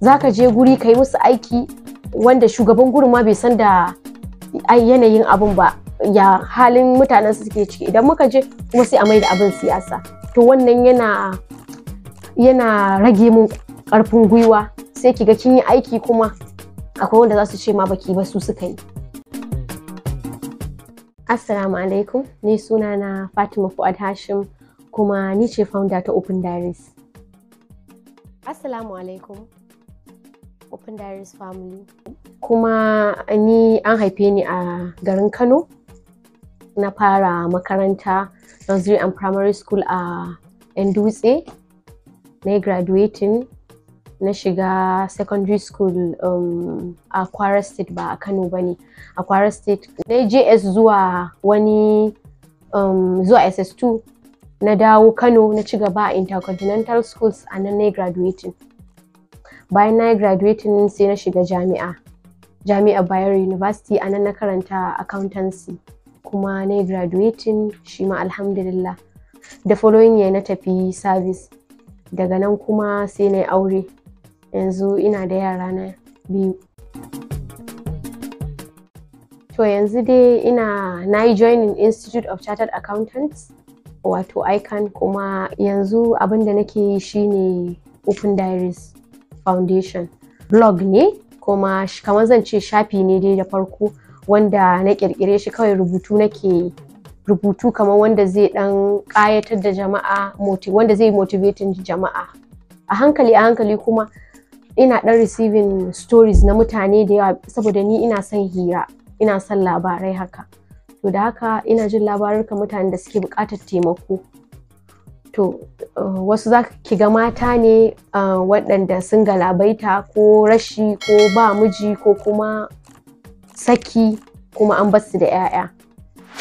za ka je guri ka yi musu aiki wanda shugaban gurin ma bai san da yanayin abun ba ya halin mutanen su suke ciki idan muka je kuma sai a mai da abin siyasa to wannan yana yana rage mun karfin gwiwa sai kiga kin yi aiki kuma akwai wanda za su ce ma baki ba su suka yi assalamu alaikum ni suna na fatima fuad hashim kuma ni ce founder ta open diaries assalamu alaikum Open Diaries Family. Kuma ni an haife ni a garin Kano. Na fara makaranta nursery and primary school a ndutse dutse. Na yi graduating na shiga secondary school um, a Kwara State ba a Kano ba ne. A Kwara State na JS zuwa wani um, zuwa SS2 na dawo Kano na ci gaba a Intercontinental Schools a nan na graduating. bayan na yi graduating sai na shiga jami'a jami'a bayar university a nan na karanta accountancy kuma na graduating shi ma alhamdulillah da following year na tafi service daga nan kuma sai na aure yanzu ina da yara na biyu to yanzu dai ina na yi joining institute of chartered accountants wato ican kuma yanzu abin da nake yi shine open diaries foundation blog ne kuma kamar zan ce shafi ne dai da farko wanda na kirkire shi kawai rubutu nake rubutu kamar wanda zai dan kayatar da jama'a wanda zai motivating jama'a a hankali a hankali kuma ina dan receiving stories na mutane da yawa saboda ni ina son hira ina son labarai haka to da haka ina jin labarurka mutane da suke buƙatar taimako to eh, wasu za ki ga mata ne eh, waɗanda sun galabaita ko rashi ko ba miji ko kuma saki kuma an basu da 'ya'ya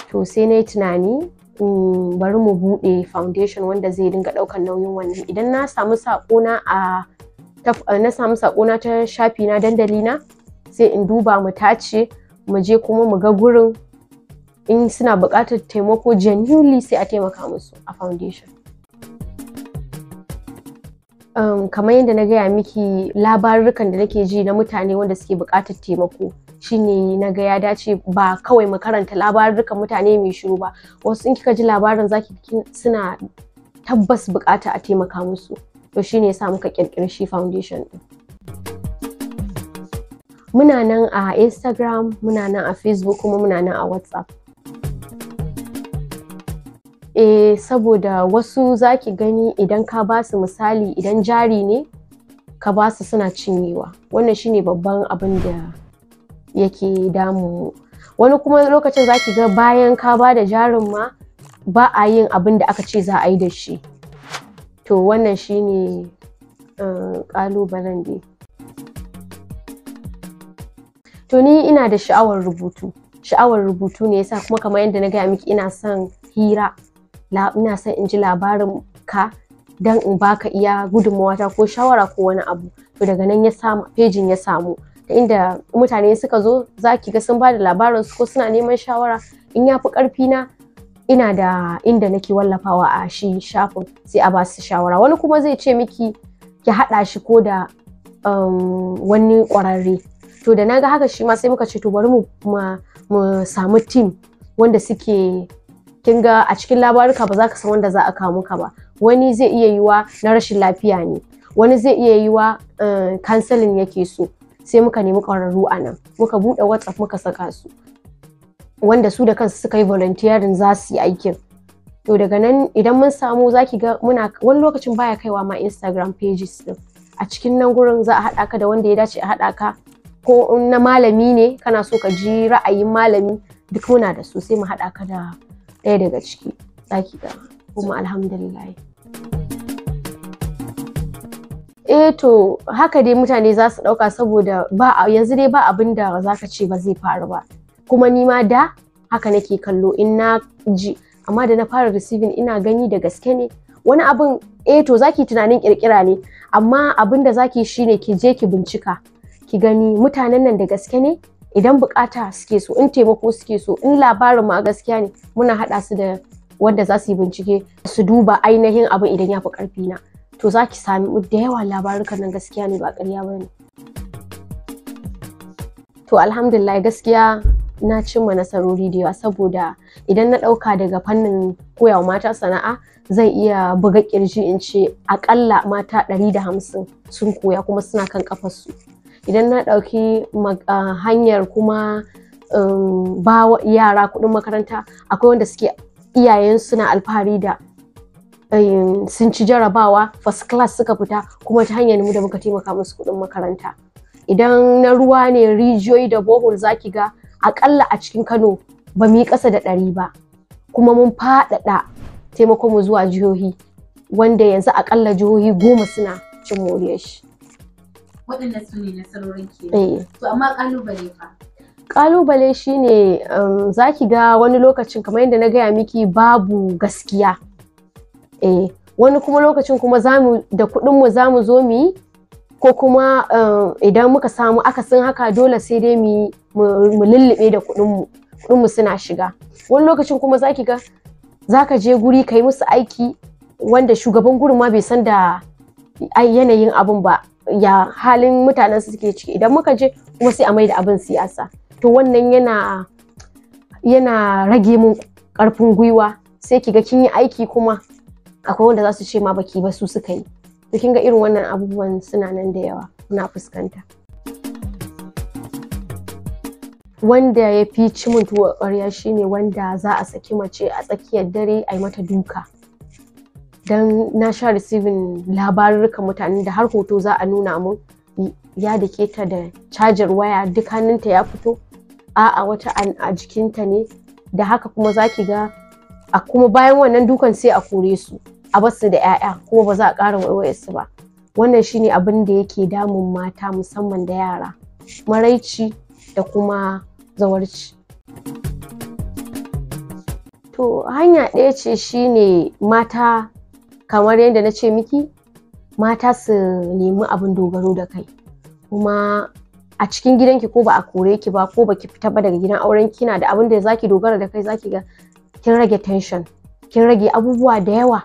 to sai na yi tunani mm, bari mu buɗe foundation wanda zai dinga ɗaukar nauyin wannan idan na samu saƙona a eh, na samu saƙona ta shafi na dandalina sai in duba mu tace mu je kuma mu ga gurin in suna buƙatar taimako genuinely sai a taimaka musu a foundation kamar yadda na gaya miki labarukan da nake ji na mutane wanda suke bukatar taimako shine na ga ya dace ba kawai mu karanta mutane mai shiru ba wasu in kika ji labarin zaki suna tabbas bukata a taimaka musu to shine yasa muka kirkiri shi foundation din muna nan a instagram muna nan a facebook kuma muna nan a whatsapp eh saboda wasu zaki gani idan ka basu misali idan jari ne ka basu suna cinyewa wannan shine babban abin da yake damu wani kuma lokacin zaki ga bayan ka ba da jarin ma ba a yin abin da aka ce za a yi da shi to wannan shine eh, ƙalubalen dai to ni ina da sha'awar rubutu sha'awar rubutu ne yasa kuma kamar yadda na gaya miki ina son hira ina son in ji labarin ka dan in baka iya gudunmawata ko shawara ko wani abu to daga nan ya samu pejin ya samu ta inda mutane suka zo za ki ga sun bada labarin su ko suna neman shawara in ya fi karfi na ina da inda nake wallafawa a shi shafin sai a basu shawara wani kuma zai ce miki ki hada shi ko da um, wani kwararre to da na ga haka shi ma sai muka ce to bari mu samu team wanda suke kin ga a cikin labaruka ba za ka san wanda za a kamu ka ba wani zai iya yiwa na rashin lafiya ne wani zai iya yiwa kansalin eh, yake so sai muka nemi ƙwararru a nan muka buɗe whatsapp muka saka su wanda su da kansu suka yi volunteering za su yi aikin to daga nan idan mun samu za ki ga muna wani lokacin baya kaiwa ma instagram pages din a cikin nan gurin za a haɗa ka da wanda ya dace a haɗa ka ko na malami ne kana so ka ji ra'ayin malami duk muna da su sai mu haɗa ka da ɗaya daga ciki ɗaki ga kuma alhamdulillah eh to haka dai mutane za su ɗauka saboda ba yanzu dai ba abin da za ka ce ba zai faru ba kuma ni ma da haka nake kallo in na ji amma da na fara receiving ina gani da gaske ne wani abin eh to zaki tunanin kirkira ne amma abin da zaki shine ki je ki bincika ki gani mutanen nan da gaske ne idan bukata suke so in taimako suke so in labarin ma gaskiya ne muna haɗa su da wanda za su yi bincike su duba ainihin abin idan ya fi karfi na to za ki sami da yawa labarukan nan gaskiya ne ba karya ba ne to alhamdulillah gaskiya na cimma nasarori da yawa saboda idan na ɗauka daga fannin koyawa mata sana'a zan iya buga kirji in ce akalla mata 150 sun koya kuma suna kan kafarsu. idan na ɗauki hanyar kuma um, ba yara kuɗin makaranta akwai wanda suke iyayen suna alfahari da um, sun ci jarabawa first class suka fita kuma ta hanyar mu da muka taimaka musu kuɗin makaranta idan na ruwa ne rijiyoyi da bohol zaki ga akalla a cikin kano ba mu yi ƙasa da ɗari ba kuma mun faɗaɗa taimakon mu zuwa jihohi wanda yanzu akalla jihohi goma suna cin moriyar shi waɗannan su nasarorin ke eh. amma ƙalubale fa ƙalubale shine um, za ga wani lokacin kamar yadda na gaya miki babu gaskiya eh wani kuma lokacin kuma zamu da kuɗinmu za mu zo mu ko kuma um, idan muka samu akasin haka dole sai dai mu lullube da kuɗinmu kuɗinmu suna shiga wani lokacin kuma za ga za je guri ka yi musu aiki wanda shugaban gurin ma bai san da ai yanayin abun ba ya halin mutanen su suke ciki idan muka je kuma sai a mai da abin siyasa to wannan yana yana rage mun karfin gwiwa sai kiga kin yi aiki kuma akwai wanda za su ce ma baki ba su suka yi to kin ga irin wannan abubuwan suna nan da yawa muna fuskanta wanda ya fi mun tuwo ƙwarya shine wanda za a saki mace a tsakiyar dare a yi mata duka don na sha receiving labarurrukan mutane da har hoto za a nuna mun ya ke ta da cajar waya duk hannunta ya fito a'a wata a jikinta ne da haka kuma za ki ga a kuma bayan wannan dukan sai a kore su a basu da 'ya'ya kuma ba za a ƙara waiwayarsu ba wannan shine abin da yake damun mata musamman da yara maraici da kuma zawarci to hanya ɗaya ce shine mata kamar yadda na ce miki mata su nemi abin dogaro da kai kuma a cikin gidanki ko ba a kore ki ba ko baki fita ba daga gidan auren kina da abin da zaki dogara da kai zaki ga kin rage tension kin rage abubuwa da yawa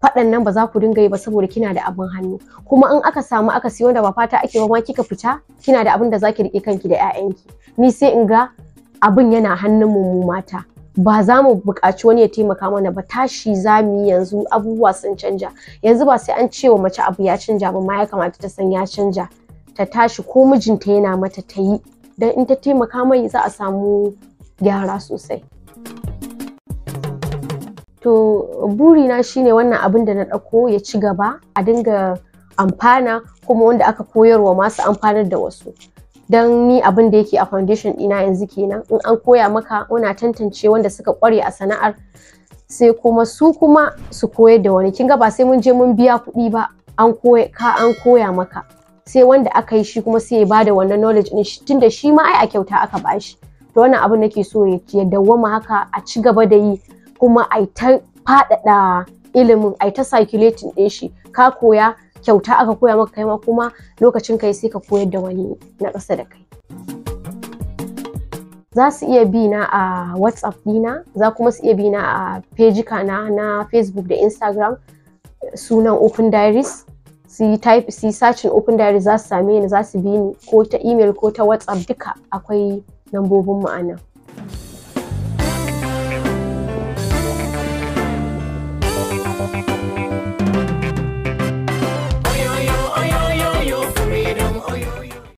faɗan nan ba za ku dinga yi ba saboda kina da abin hannu kuma in aka samu aka siyo da ba fata ake ba ma kika fita kina da abin da zaki rike kanki da 'ya'yanki ni sai in ga abin yana hannun mu mata ba za mu buƙaci wani ya taimaka mana ba tashi za mu yi yanzu abubuwa sun canja yanzu ba sai an ce wa mace abu ya canja ba ma ya kamata ta san ya canja ta tashi ko mijinta yana mata ta yi don in ta taimaka mai za a samu gyara sosai to burina shine wannan abin da na ɗauko ya ci gaba a dinga amfana kuma wanda aka koyarwa masu amfanar da wasu don ni abin da yake a foundation ɗina yanzu kenan in an koya maka muna tantance wanda suka ƙware a sana'ar sai kuma su kuma su koyar da wani kin ba sai mun je mun biya kuɗi ba an koya ka an koya maka sai wanda aka yi shi kuma sai ya bada wannan knowledge Tun da shi ma ai a kyauta aka ba shi. to wannan abin nake so ya dawwama haka a ci gaba da yi kuma ai ta faɗaɗa ilimin ai ta circulating ɗin shi ka koya kyauta aka koya maka kai ma kuma lokacin kai sai ka koyar da wani na ƙasa da kai za su iya bi na a whatsapp dina za kuma su iya bi na a pejika na na facebook da instagram sunan open diaries Si type si sacin open diaries za su same ni za su bi ni ko ta email ko ta whatsapp duka akwai lambobin mu a